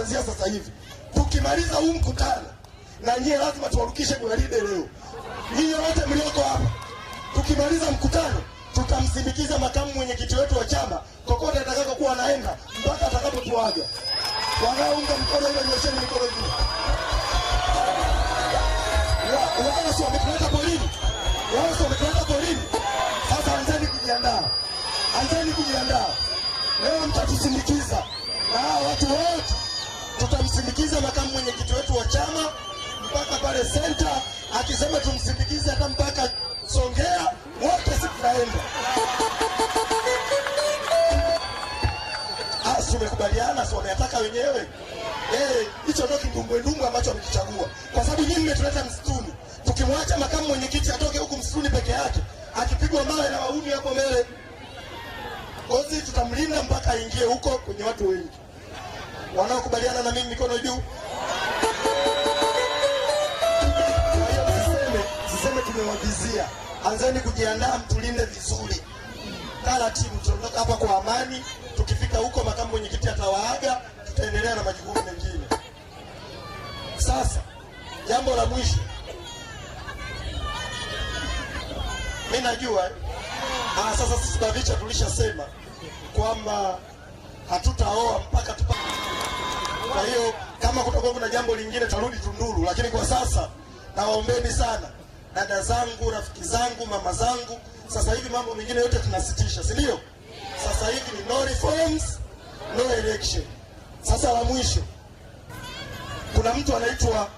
kuanzia sasa hivi. Tukimaliza huu mkutano na nyie lazima tuwarukishe gwaride leo, nyie wote mlioko hapa. Tukimaliza mkutano, tutamsindikiza makamu mwenyekiti wetu wa chama kokote atakako kuwa anaenda mpaka atakapotuaga. Wanaounga mkono hilo, nyosheni mikono juu. Wao sio wametuleta polini? Wao sio wametuleta polini? Sasa anzeni kujiandaa, anzeni kujiandaa. Leo mtatusindikiza na hawa watu wote tutamsindikiza makamu mwenyekiti wetu wa chama mpaka pale senta, akisema tumsindikize hata mpaka Songea, wote si tutaenda. Ah, si umekubaliana? Si wameyataka wenyewe. Eh, hicho ndio kindumbwendumbwe ambacho amekichagua, kwa sababu nyinyi mmetuleta msituni. Tukimwacha makamu mwenyekiti atoke huku msituni peke yake, akipigwa mawe na wauni hapo mbele, kozi tutamlinda mpaka aingie huko kwenye watu wengi. Wanaokubaliana na mimi mikono juu. Siseme tumewavizia, anzeni kujiandaa, mtulinde vizuri taratibu. Tutaondoka hapa kwa amani. Tukifika huko, makamu mwenyekiti atawaaga, tutaendelea na majukumu mengine. Sasa jambo la mwisho, mi najua Ah, sasa sisi BAVICHA tulishasema kwamba hatutaoa mpaka tupate kwa hiyo kama kutakuwa kuna jambo lingine tarudi Tunduru, lakini kwa sasa nawaombeni sana dada zangu, rafiki zangu, mama zangu. Sasa hivi mambo mengine yote tunasitisha, si ndio? Sasa hivi ni no reforms, no election. Sasa la mwisho, kuna mtu anaitwa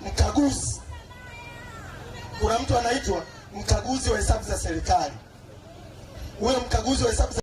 mkaguzi, kuna mtu anaitwa mkaguzi wa hesabu za serikali. Huyo mkaguzi wa hesabu